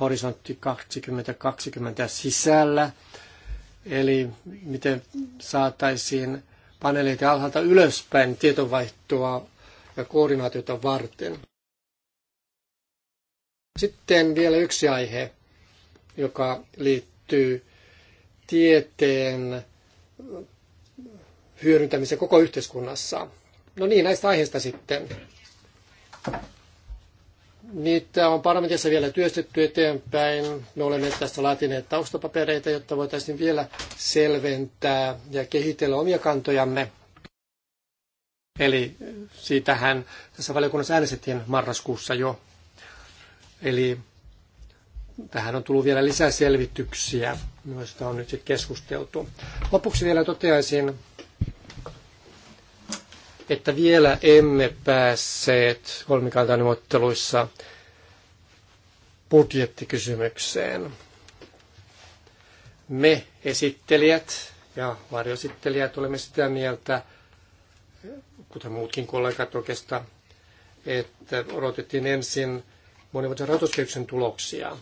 horisontti 2020 sisällä, eli miten saataisiin paneeleita alhaalta ylöspäin tietovaihtoa ja koordinaatiota varten. Sitten vielä yksi aihe, joka liittyy tieteen hyödyntämiseen koko yhteiskunnassa. No niin, näistä aiheista sitten. Niitä on parlamentissa vielä työstetty eteenpäin. Me olemme tästä laatineet taustapapereita, jotta voitaisiin vielä selventää ja kehitellä omia kantojamme. Eli siitähän tässä valiokunnassa äänestettiin marraskuussa jo. Eli tähän on tullut vielä lisää selvityksiä, joista on nyt sitten keskusteltu. Lopuksi vielä toteaisin, että vielä emme päässeet kolmikantaneuvotteluissa budjettikysymykseen. Me esittelijät ja varjoesittelijät olemme sitä mieltä, kuten muutkin kollegat oikeastaan, että odotettiin ensin monivuotisen rahoituskehyksen tuloksia.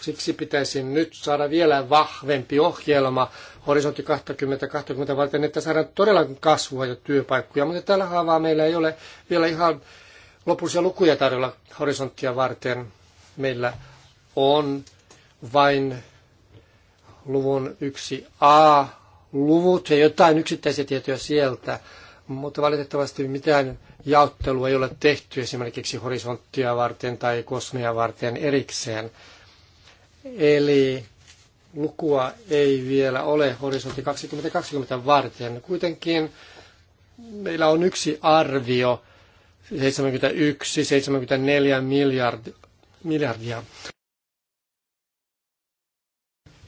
Siksi pitäisi nyt saada vielä vahvempi ohjelma horisontti 2020 varten, että saadaan todella kasvua ja työpaikkoja, mutta tällä haavaa meillä ei ole vielä ihan lopullisia lukuja tarjolla horisonttia varten. Meillä on vain luvun 1a luvut ja jotain yksittäisiä tietoja sieltä, mutta valitettavasti mitään jaottelua ei ole tehty esimerkiksi horisonttia varten tai kosmia varten erikseen. Eli lukua ei vielä ole horisontti 2020 varten. Kuitenkin meillä on yksi arvio, 71-74 miljard, miljardia.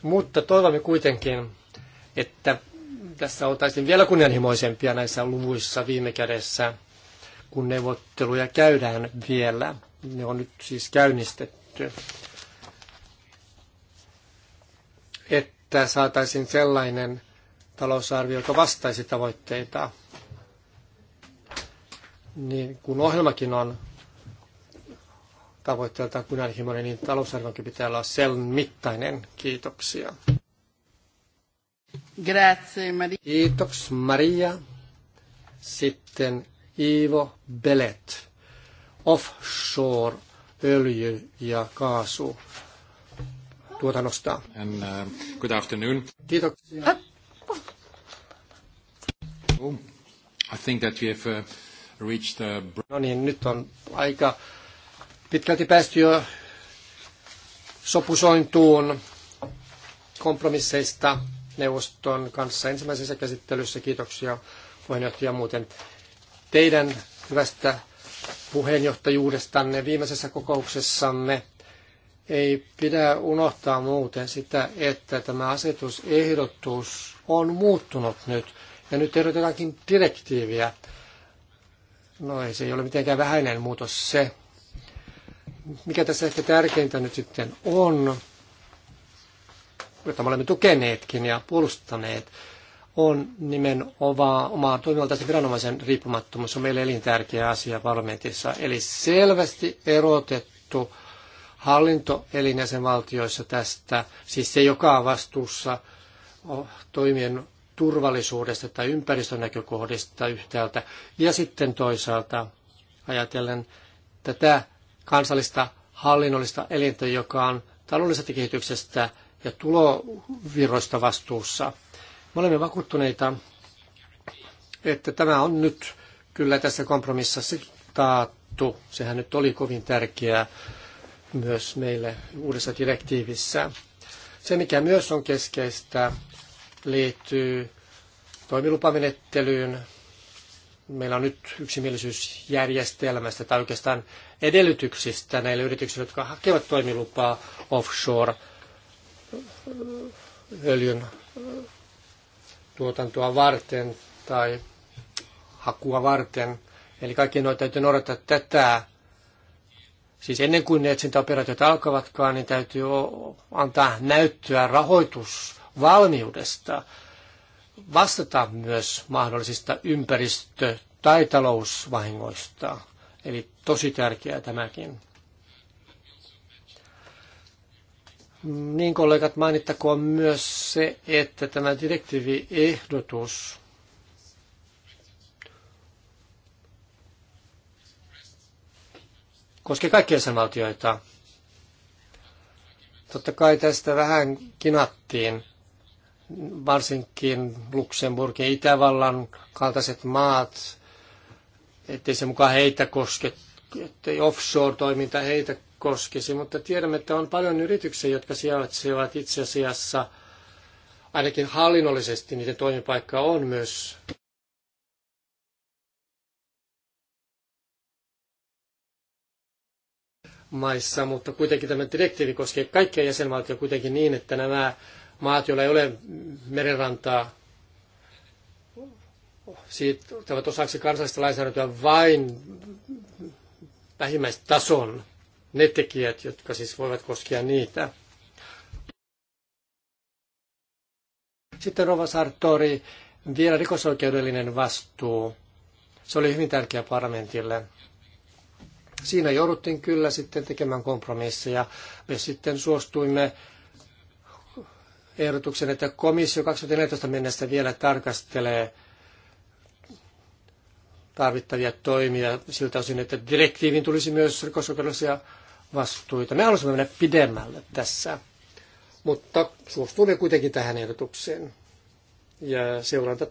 Mutta toivomme kuitenkin, että tässä oltaisiin vielä kunnianhimoisempia näissä luvuissa viime kädessä, kun neuvotteluja käydään vielä. Ne on nyt siis käynnistetty että saataisiin sellainen talousarvio, joka vastaisi tavoitteita. Niin kun ohjelmakin on tavoitteeltaan kunnianhimoinen, niin talousarvionkin pitää olla sen mittainen. Kiitoksia. Grazie, Maria. Kiitos, Maria. Sitten Ivo Belet, offshore, öljy- ja kaasu tuotannosta. And, uh, good afternoon. Kiitoksia. Oh, I think that we have uh, reached a... Uh, no niin, nyt on aika pitkälti päästy jo sopusointuun kompromisseista neuvoston kanssa ensimmäisessä käsittelyssä. Kiitoksia puheenjohtaja muuten teidän hyvästä puheenjohtajuudestanne viimeisessä kokouksessamme. Ei pidä unohtaa muuten sitä, että tämä asetusehdotus on muuttunut nyt. Ja nyt ehdotetaankin direktiiviä. No ei se ei ole mitenkään vähäinen muutos se. Mikä tässä ehkä tärkeintä nyt sitten on, jota me olemme tukeneetkin ja puolustaneet, on nimenomaan oma toimivaltaisen viranomaisen riippumattomuus. Se on meille elintärkeä asia parlamentissa. Eli selvästi erotettu hallintoelin jäsenvaltioissa tästä, siis se, joka on vastuussa toimien turvallisuudesta tai ympäristönäkökohdista yhtäältä, ja sitten toisaalta ajatellen tätä kansallista hallinnollista elintä, joka on taloudellisesta kehityksestä ja tulovirroista vastuussa. Me olemme vakuuttuneita, että tämä on nyt kyllä tässä kompromississa taattu. Sehän nyt oli kovin tärkeää myös meille uudessa direktiivissä. Se, mikä myös on keskeistä, liittyy toimilupamenettelyyn. Meillä on nyt yksimielisyys järjestelmästä tai oikeastaan edellytyksistä näille yrityksille, jotka hakevat toimilupaa offshore öljyn tuotantoa varten tai hakua varten. Eli kaikki noita täytyy noudattaa tätä Siis ennen kuin ne etsintäoperaatiot alkavatkaan, niin täytyy antaa näyttöä rahoitusvalmiudesta, vastata myös mahdollisista ympäristö- tai talousvahingoista. Eli tosi tärkeää tämäkin. Niin kollegat mainittakoon myös se, että tämä direktiiviehdotus koskee kaikkia jäsenvaltioita. Totta kai tästä vähän kinattiin, varsinkin Luxemburgin ja Itävallan kaltaiset maat, ettei se mukaan heitä koske, ettei offshore-toiminta heitä koskisi, mutta tiedämme, että on paljon yrityksiä, jotka sijaitsevat itse asiassa ainakin hallinnollisesti niiden toimipaikka on myös maissa, mutta kuitenkin tämä direktiivi koskee kaikkia jäsenvaltioita kuitenkin niin, että nämä maat, joilla ei ole merenrantaa, siirtyvät osaksi kansallista lainsäädäntöä vain vähimmäistason ne tekijät, jotka siis voivat koskea niitä. Sitten Rova Sartori, vielä rikosoikeudellinen vastuu. Se oli hyvin tärkeä parlamentille. Siinä jouduttiin kyllä sitten tekemään kompromisseja. Me sitten suostuimme ehdotuksen, että komissio 2014 mennessä vielä tarkastelee tarvittavia toimia siltä osin, että direktiiviin tulisi myös rikosoikeudellisia vastuita. Me halusimme mennä pidemmälle tässä, mutta suostuimme kuitenkin tähän ehdotukseen. Ja seuranta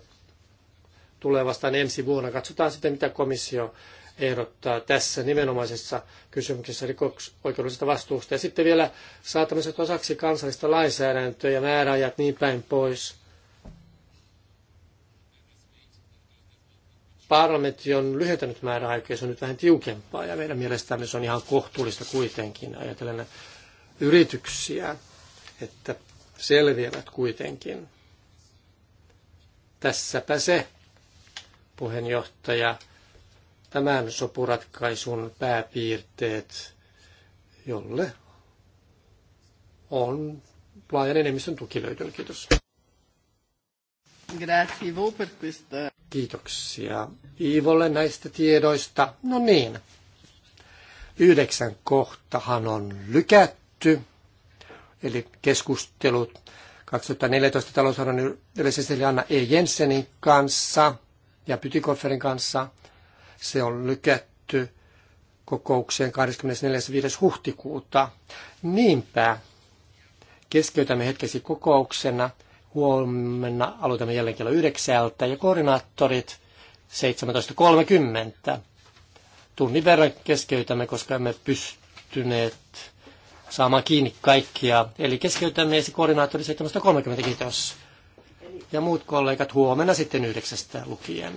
tulee vastaan ensi vuonna. Katsotaan sitten, mitä komissio ehdottaa tässä nimenomaisessa kysymyksessä rikosoikeudellisesta vastuusta. Ja sitten vielä saattamiset osaksi kansallista lainsäädäntöä ja määräajat niin päin pois. Parlamentti on lyhentänyt määräaikoja, se on nyt vähän tiukempaa ja meidän mielestämme se on ihan kohtuullista kuitenkin ajatellen yrityksiä, että selviävät kuitenkin. Tässäpä se, puheenjohtaja tämän sopuratkaisun pääpiirteet, jolle on laajan enemmistön tuki löytynyt. Kiitos. Kiitoksia Iivolle näistä tiedoista. No niin, yhdeksän kohtahan on lykätty, eli keskustelut 2014 talousarvon yleisesti Anna E. Jensenin kanssa ja Pytikofferin kanssa – se on lykätty kokoukseen 24.5. huhtikuuta. Niinpä keskeytämme hetkesi kokouksena. Huomenna aloitamme jälleen kello yhdeksältä ja koordinaattorit 17.30. Tunnin verran keskeytämme, koska emme pystyneet saamaan kiinni kaikkia. Eli keskeytämme esi koordinaattori 17.30, kiitos. Ja muut kollegat huomenna sitten yhdeksästä lukien.